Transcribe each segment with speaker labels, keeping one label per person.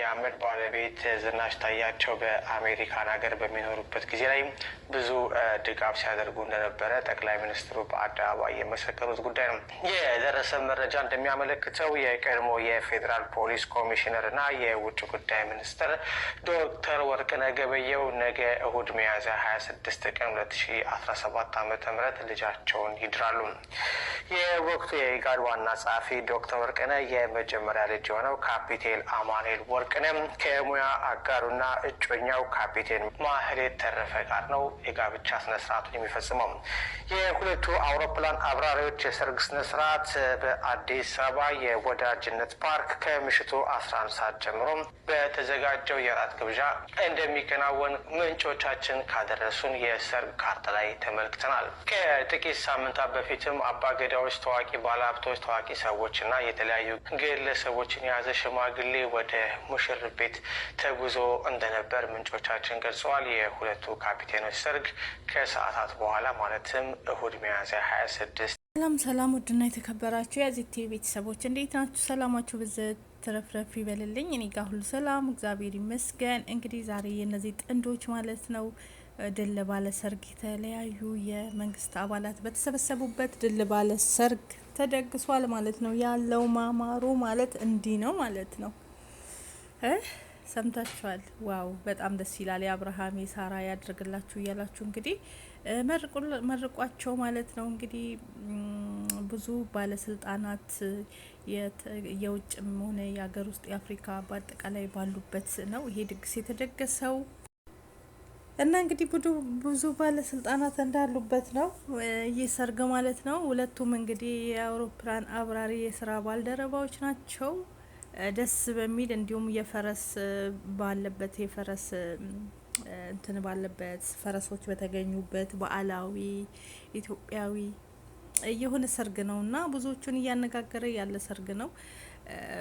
Speaker 1: የአመድ ባለቤት ዝናሽ ታያቸው በአሜሪካን ሀገር በሚኖሩበት ጊዜ ላይ ብዙ ድጋፍ ሲያደርጉ እንደነበረ ጠቅላይ ሚኒስትሩ በአደባባይ የመሰከሩት ጉዳይ ነው። የደረሰ መረጃ እንደሚያመለክተው የቀድሞ የፌዴራል ፖሊስ ኮሚሽነር እና የውጭ ጉዳይ ሚኒስትር ዶክተር ወርቅነህ ገበየሁ ነገ እሁድ ሚያዝያ ሀያ ስድስት ቀን ሁለት ሺ አስራ ሰባት ልጃቸውን ይድራሉ። የወቅቱ የኢጋድ ዋና ጸሐፊ ዶክተር ወርቅነህ የመጀመሪያ ልጅ የሆነው ካፒቴል አማኑኤል ወርቅ ወርቅነህ ከሙያ አጋሩና እጮኛው ካፒቴን ማህሌት ተረፈ ጋር ነው የጋብቻ ስነስርዓቱን የሚፈጽመው። የሁለቱ አውሮፕላን አብራሪዎች የሰርግ ስነስርዓት በአዲስ አበባ የወዳጅነት ፓርክ ከምሽቱ አስራ አንድ ሰዓት ጀምሮ በተዘጋጀው የራት ግብዣ እንደሚከናወን ምንጮቻችን ካደረሱን የሰርግ ካርታ ላይ ተመልክተናል። ከጥቂት ሳምንታት በፊትም አባገዳዎች፣ ታዋቂ ባለሀብቶች፣ ታዋቂ ሰዎችና የተለያዩ ግለሰቦችን የያዘ ሽማግሌ ወደ ሙሽር ቤት ተጉዞ እንደነበር ምንጮቻችን ገልጸዋል። የሁለቱ ካፒቴኖች ሰርግ ከሰዓታት በኋላ ማለትም እሁድ ሚያዝያ ስድስት
Speaker 2: ሰላም ሰላም፣ ውድና የተከበራችሁ ቲቪ ቤተሰቦች እንዴት ናችሁ? ሰላማችሁ ብዝት ትረፍረፍ ይበልልኝ። እኔ ጋር ሁሉ ሰላም እግዚአብሔር ይመስገን። እንግዲህ ዛሬ የእነዚህ ጥንዶች ማለት ነው ድል ባለ ሰርግ የተለያዩ የመንግስት አባላት በተሰበሰቡበት ድል ባለ ሰርግ ተደግሷል ማለት ነው። ያለው ማማሩ ማለት እንዲህ ነው ማለት ነው። ሰምታችኋል። ዋው በጣም ደስ ይላል። የአብርሃም የሳራ ያድርግላችሁ እያላችሁ እንግዲህ መርቋቸው ማለት ነው። እንግዲህ ብዙ ባለስልጣናት የውጭም ሆነ የሀገር ውስጥ የአፍሪካ በአጠቃላይ ባሉበት ነው ይሄ ድግስ የተደገሰው እና እንግዲህ ብዙ ባለስልጣናት እንዳሉበት ነው ይህ ሰርግ ማለት ነው። ሁለቱም እንግዲህ የአውሮፕላን አብራሪ የስራ ባልደረባዎች ናቸው። ደስ በሚል እንዲሁም የፈረስ ባለበት የፈረስ እንትን ባለበት ፈረሶች በተገኙበት በዓላዊ ኢትዮጵያዊ የሆነ ሰርግ ነው እና ብዙዎቹን እያነጋገረ ያለ ሰርግ ነው።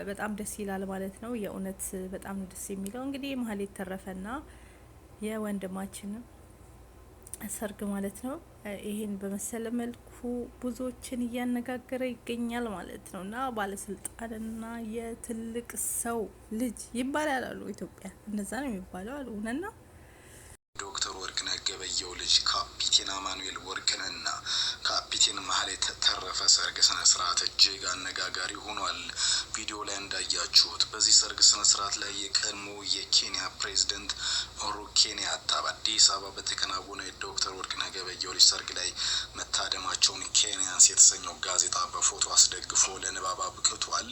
Speaker 2: በጣም ደስ ይላል ማለት ነው። የእውነት በጣም ደስ የሚለው እንግዲህ መሀሌት ተረፈና የወንድማችንም ሰርግ ማለት ነው። ይሄን በመሰለ መልኩ ብዙዎችን እያነጋገረ ይገኛል ማለት ነው እና ባለስልጣንና የትልቅ ሰው ልጅ ይባላል አሉ። ኢትዮጵያ እንደዛ ነው የሚባለው አሉ እውነት ነው።
Speaker 1: ገበየው ልጅ ካፒቴን አማኑኤል ወርቅነህና ካፒቴን መሀል የተተረፈ ሰርግ ስነ ስርዓት እጅግ አነጋጋሪ ሆኗል። ቪዲዮ ላይ እንዳያችሁት በዚህ ሰርግ ስነ ስርዓት ላይ የቀድሞ የኬንያ ፕሬዝደንት ኡሁሩ ኬንያታ በአዲስ አበባ በተከናወነ የዶክተር ወርቅነህ ገበየው ልጅ ሰርግ ላይ መታደማቸውን ኬንያንስ የተሰኘው ጋዜጣ በፎቶ አስደግፎ ለንባብ አብቅቷል።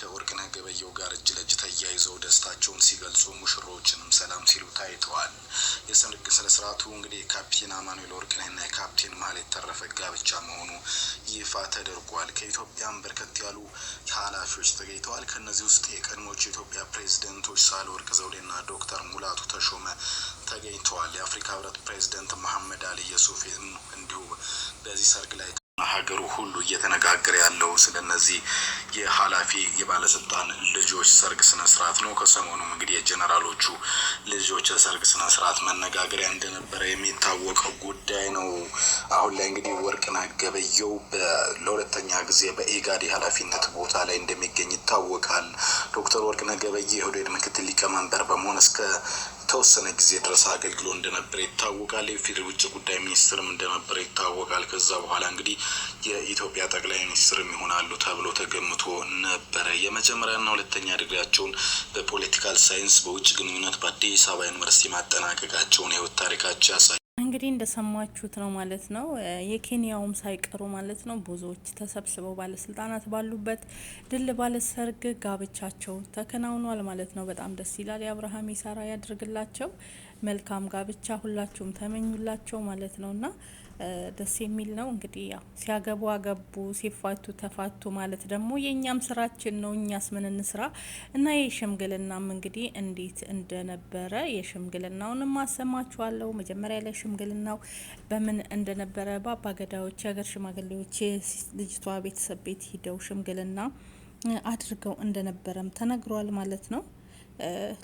Speaker 1: ከወርቅነህ ገበየው ጋር እጅ ለእጅ ተያይዘው ደስታቸውን ሲገልጹ፣ ሙሽሮችንም ሰላም ሲሉ ታይተዋል። የሰርግ ስነ ስርዓቱ እንግዲህ የካፕቴን አማኑኤል ወርቅነህና የካፕቴን ማህሌት ተረፈ ጋብቻ መሆኑ ይፋ ተደርጓል። ከኢትዮጵያም በርከት ያሉ ኃላፊዎች ተገኝተዋል። ከእነዚህ ውስጥ የቀድሞዎቹ የኢትዮጵያ ፕሬዝደንቶች ሳህለወርቅ ዘውዴና ዶክተር ሙላቱ ተሾመ ተገኝተዋል። የአፍሪካ ህብረት ፕሬዝደንት መሐመድ አሊ የሱፍም እንዲሁ በዚህ ሰርግ ላይ ሀገሩ ሁሉ እየተነጋገረ ያለው ስለ እነዚህ የሀላፊ የባለስልጣን ልጆች ሰርግ ስነስርዓት ነው። ከሰሞኑም እንግዲህ የጀነራሎቹ ልጆች ሰርግ ስነስርዓት መነጋገሪያ እንደነበረ የሚታወቀው ጉዳይ ነው። አሁን ላይ እንግዲህ ወርቅነህ ገበየሁ ለሁለተኛ ጊዜ በኢጋድ የኃላፊነት ቦታ ላይ እንደሚገኝ ይታወቃል። ዶክተር ወርቅነህ ገበየሁ የኦህዴድ ምክትል ሊቀመንበር በመሆን እስከ ተወሰነ ጊዜ ድረስ አገልግሎ እንደነበረ ይታወቃል። የፌዴራል ውጭ ጉዳይ ሚኒስትርም እንደነበረ ይታወቃል። ይጀምራል። ከዛ በኋላ እንግዲህ የኢትዮጵያ ጠቅላይ ሚኒስትርም ይሆናሉ ተብሎ ተገምቶ ነበረ። የመጀመሪያና ሁለተኛ ድግሪያቸውን በፖለቲካል ሳይንስ በውጭ ግንኙነት በአዲስ አበባ ዩኒቨርሲቲ ማጠናቀቃቸውን የህይወት
Speaker 2: ታሪካቸው ያሳያል። እንግዲህ እንደሰማችሁት ነው ማለት ነው። የኬንያውም ሳይቀሩ ማለት ነው ብዙዎች ተሰብስበው ባለስልጣናት ባሉበት ድል ባለ ሰርግ ጋብቻቸው ተከናውኗል ማለት ነው። በጣም ደስ ይላል። የአብርሃም የሳራ ያድርግላቸው። መልካም ጋብቻ ሁላችሁም ተመኙላቸው ማለት ነውና ደስ የሚል ነው። እንግዲህ ያው ሲያገቡ አገቡ፣ ሲፋቱ ተፋቱ ማለት ደግሞ የእኛም ስራችን ነው። እኛስ ምን እንስራ እና የሽምግልናም እንግዲህ እንዴት እንደነበረ የሽምግልናውንም አሰማችኋለሁ። መጀመሪያ ላይ ሽምግልናው በምን እንደነበረ ገዳዎች፣ የሀገር ሽማግሌዎች ልጅቷ ቤተሰብ ቤት ሂደው ሽምግልና አድርገው እንደነበረም ተነግሯል ማለት ነው።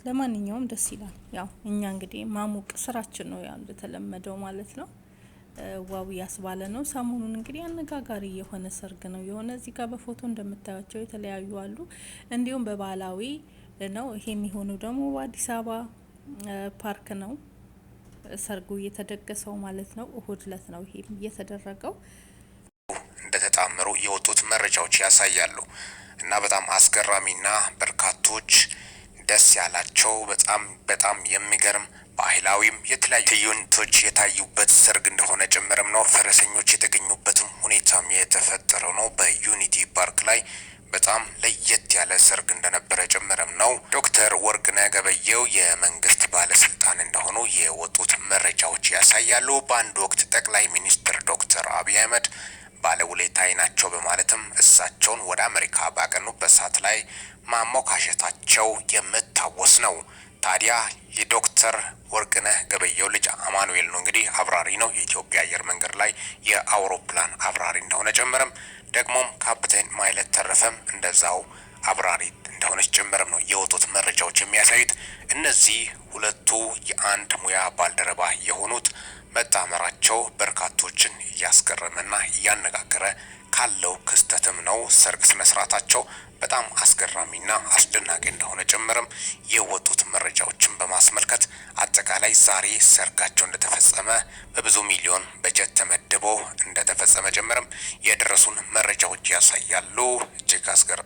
Speaker 2: ለማንኛውም ደስ ይላል። ያው እኛ እንግዲህ ማሞቅ ስራችን ነው ያው እንደተለመደው ማለት ነው። ዋው ያስባለ ነው። ሰሞኑን እንግዲህ አነጋጋሪ የሆነ ሰርግ ነው የሆነ እዚህ ጋር በፎቶ እንደምታያቸው የተለያዩ አሉ። እንዲሁም በባህላዊ ነው። ይሄ የሚሆነው ደግሞ በአዲስ አበባ ፓርክ ነው ሰርጉ እየተደገሰው ማለት ነው። እሁድ ለት ነው ይሄም
Speaker 1: እየተደረገው እንደተጣመሩ የወጡት መረጃዎች ያሳያሉ እና በጣም አስገራሚና በርካቶች ደስ ያላቸው በጣም በጣም የሚገርም ባህላዊም የተለያዩ ትዕይንቶች የታዩበት ሰርግ እንደሆነ ጭምርም ነው። ፈረሰኞች የተገኙበትም ሁኔታም የተፈጠረው ነው። በዩኒቲ ፓርክ ላይ በጣም ለየት ያለ ሰርግ እንደነበረ ጭምርም ነው። ዶክተር ወርቅነህ ገበየሁ የመንግስት ባለስልጣን እንደሆኑ የወጡት መረጃዎች ያሳያሉ። በአንድ ወቅት ጠቅላይ ሚኒስትር ዶክተር አብይ አህመድ ባለውለታዬ ናቸው በማለትም እሳቸውን ወደ አሜሪካ ባቀኑበት ሰዓት ላይ ማሞካሸታቸው የምታወስ ነው። ታዲያ የዶክተር ወርቅነህ ገበየው ልጅ አማኑኤል ነው እንግዲህ አብራሪ ነው። የኢትዮጵያ አየር መንገድ ላይ የአውሮፕላን አብራሪ እንደሆነ ጨምረም ደግሞም ካፕቴን ማይለት ተረፈም እንደዛው አብራሪ እንደሆነች ጭምርም ነው የወጡት መረጃዎች የሚያሳዩት። እነዚህ ሁለቱ የአንድ ሙያ ባልደረባ የሆኑት መጣመራቸው በርካቶችን እያስገረመና እያነጋገረ ካለው ክስተትም ነው ሰርግ ስነስርዓታቸው በጣም አስገራሚና አስደናቂ እንደሆነ ጭምርም የወጡት መረጃዎችን በማስመልከት አጠቃላይ ዛሬ ሰርጋቸው እንደተፈጸመ በብዙ ሚሊዮን በጀት ተመድቦ እንደተፈጸመ ጭምርም የደረሱን መረጃዎች ያሳያሉ።
Speaker 2: እጅግ አስገራ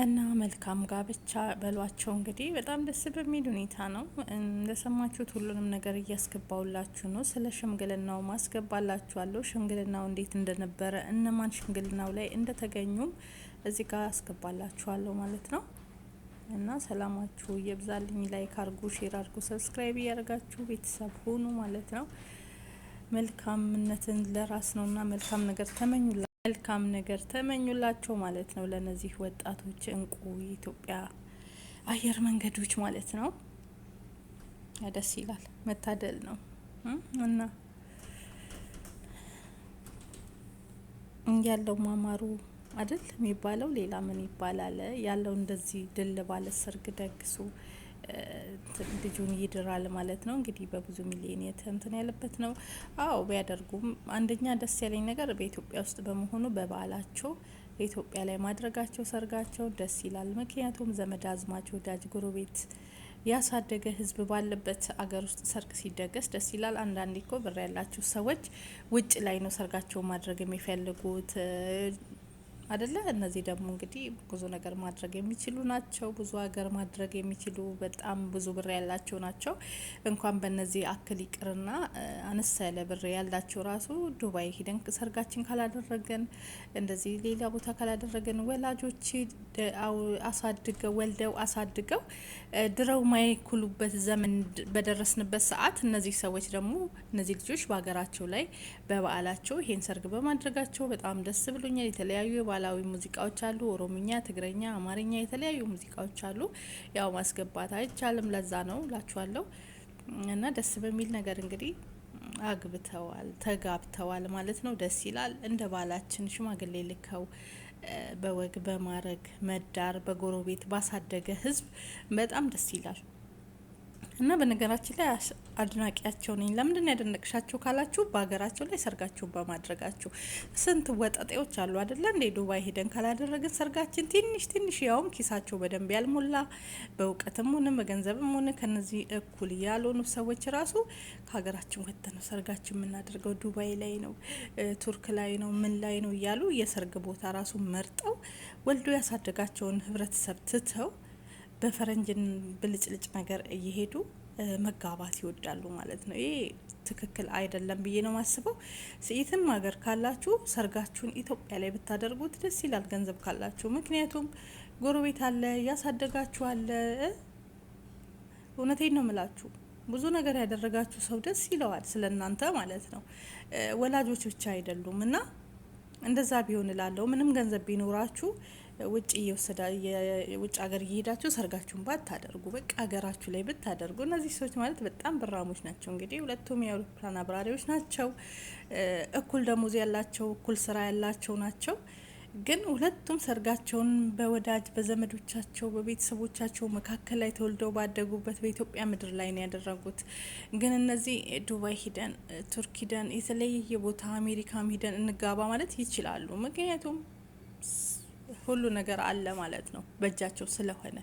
Speaker 2: እና መልካም ጋብቻ በሏቸው። እንግዲህ በጣም ደስ በሚል ሁኔታ ነው እንደሰማችሁት፣ ሁሉንም ነገር እያስገባውላችሁ ነው። ስለ ሽምግልናው ማስገባላችኋለሁ። ሽምግልናው እንዴት እንደነበረ እነማን ሽምግልናው ላይ እንደተገኙም እዚህ ጋር አስገባላችኋለሁ ማለት ነው። እና ሰላማችሁ የብዛልኝ። ላይክ አርጉ፣ ሼር አርጉ፣ ሰብስክራይብ እያደርጋችሁ ቤተሰብ ሁኑ ማለት ነው። መልካምነትን ለራስ ነውና መልካም ነገር ተመኙላ መልካም ነገር ተመኙላቸው ማለት ነው። ለነዚህ ወጣቶች እንቁ የኢትዮጵያ አየር መንገዶች ማለት ነው። ደስ ይላል፣ መታደል ነው እና ያለው ማማሩ አይደል የሚባለው፣ ሌላ ምን ይባላል? ያለው እንደዚህ ድል ባለ ሰርግ ደግሱ ልጁን ይድራል ማለት ነው። እንግዲህ በብዙ ሚሊዮን የተንትን ያለበት ነው። አዎ ቢያደርጉም አንደኛ ደስ ያለኝ ነገር በኢትዮጵያ ውስጥ በመሆኑ በበዓላቸው በኢትዮጵያ ላይ ማድረጋቸው ሰርጋቸው ደስ ይላል። ምክንያቱም ዘመድ አዝማች፣ ወዳጅ ጎረቤት ያሳደገ ህዝብ ባለበት አገር ውስጥ ሰርግ ሲደገስ ደስ ይላል። አንዳንዴ ኮ ብር ያላቸው ሰዎች ውጭ ላይ ነው ሰርጋቸውን ማድረግ የሚፈልጉት አደለ። እነዚህ ደግሞ እንግዲህ ብዙ ነገር ማድረግ የሚችሉ ናቸው። ብዙ ሀገር ማድረግ የሚችሉ በጣም ብዙ ብር ያላቸው ናቸው። እንኳን በእነዚህ አክል ይቅርና አነሳ ያለ ብር ያላቸው ራሱ ዱባይ ሂደን ሰርጋችን ካላደረገን እንደዚህ ሌላ ቦታ ካላደረገን ወላጆች አሳድገው ወልደው አሳድገው ድረው ማይኩሉበት ዘመን በደረስንበት ሰዓት እነዚህ ሰዎች ደግሞ እነዚህ ልጆች በሀገራቸው ላይ በበዓላቸው ይሄን ሰርግ በማድረጋቸው በጣም ደስ ብሎኛል። የተለያዩ የበዓል ባህላዊ ሙዚቃዎች አሉ። ኦሮምኛ፣ ትግረኛ፣ አማርኛ የተለያዩ ሙዚቃዎች አሉ። ያው ማስገባት አይቻልም። ለዛ ነው ላችኋለሁ። እና ደስ በሚል ነገር እንግዲህ አግብተዋል፣ ተጋብተዋል ማለት ነው። ደስ ይላል። እንደ ባህላችን ሽማግሌ ልከው በወግ በማረግ መዳር በጎረቤት ባሳደገ ህዝብ በጣም ደስ ይላል። እና በነገራችን ላይ አድናቂያቸው ነኝ። ለምንድን ያደነቅሻቸው ካላችሁ በሀገራቸው ላይ ሰርጋችሁ በማድረጋችሁ ስንት ወጠጤዎች አሉ አደለ እንዴ? ዱባይ ሄደን ካላደረግን ሰርጋችን ትንሽ ትንሽ ያውም ኪሳቸው በደንብ ያልሞላ በእውቀትም ሆነ በገንዘብም ሆነ ከነዚህ እኩል ያልሆኑ ሰዎች ራሱ ከሀገራችን ወጥተ ነው ሰርጋችን የምናደርገው ዱባይ ላይ ነው፣ ቱርክ ላይ ነው፣ ምን ላይ ነው እያሉ የሰርግ ቦታ ራሱ መርጠው ወልዶ ያሳደጋቸውን ህብረተሰብ ትተው በፈረንጅን ብልጭልጭ ነገር እየሄዱ መጋባት ይወዳሉ ማለት ነው። ይሄ ትክክል አይደለም ብዬ ነው ማስበው። ስኢትም ሀገር ካላችሁ ሰርጋችሁን ኢትዮጵያ ላይ ብታደርጉት ደስ ይላል፣ ገንዘብ ካላችሁ። ምክንያቱም ጎረቤት አለ፣ ያሳደጋችሁ አለ። እውነቴን ነው ምላችሁ ብዙ ነገር ያደረጋችሁ ሰው ደስ ይለዋል፣ ስለ እናንተ ማለት ነው። ወላጆች ብቻ አይደሉም እና እንደዛ ቢሆን እላለሁ። ምንም ገንዘብ ቢኖራችሁ ውጭ እየወሰዳ ውጭ ሀገር እየሄዳችሁ ሰርጋችሁን ባታደርጉ በቃ ሀገራችሁ ላይ ብታደርጉ። እነዚህ ሰዎች ማለት በጣም ብራሞች ናቸው። እንግዲህ ሁለቱም የአውሮፕላን አብራሪዎች ናቸው። እኩል ደሞዝ ያላቸው፣ እኩል ስራ ያላቸው ናቸው። ግን ሁለቱም ሰርጋቸውን በወዳጅ በዘመዶቻቸው በቤተሰቦቻቸው መካከል ላይ ተወልደው ባደጉበት በኢትዮጵያ ምድር ላይ ነው ያደረጉት። ግን እነዚህ ዱባይ ሂደን ቱርክ ሂደን የተለያየ ቦታ አሜሪካም ሂደን እንጋባ ማለት ይችላሉ። ምክንያቱም ሁሉ ነገር አለ ማለት ነው በእጃቸው ስለሆነ።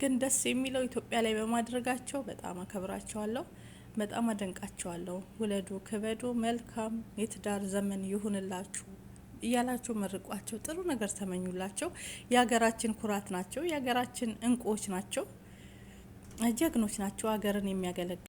Speaker 2: ግን ደስ የሚለው ኢትዮጵያ ላይ በማድረጋቸው በጣም አከብራቸዋለሁ፣ በጣም አደንቃቸዋለሁ። ውለዱ፣ ክበዱ፣ መልካም የትዳር ዘመን ይሁንላችሁ እያላቸው መርቋቸው፣ ጥሩ ነገር ተመኙላቸው። የሀገራችን ኩራት ናቸው፣ የሀገራችን እንቁዎች ናቸው፣ ጀግኖች ናቸው፣ ሀገርን የሚያገለግል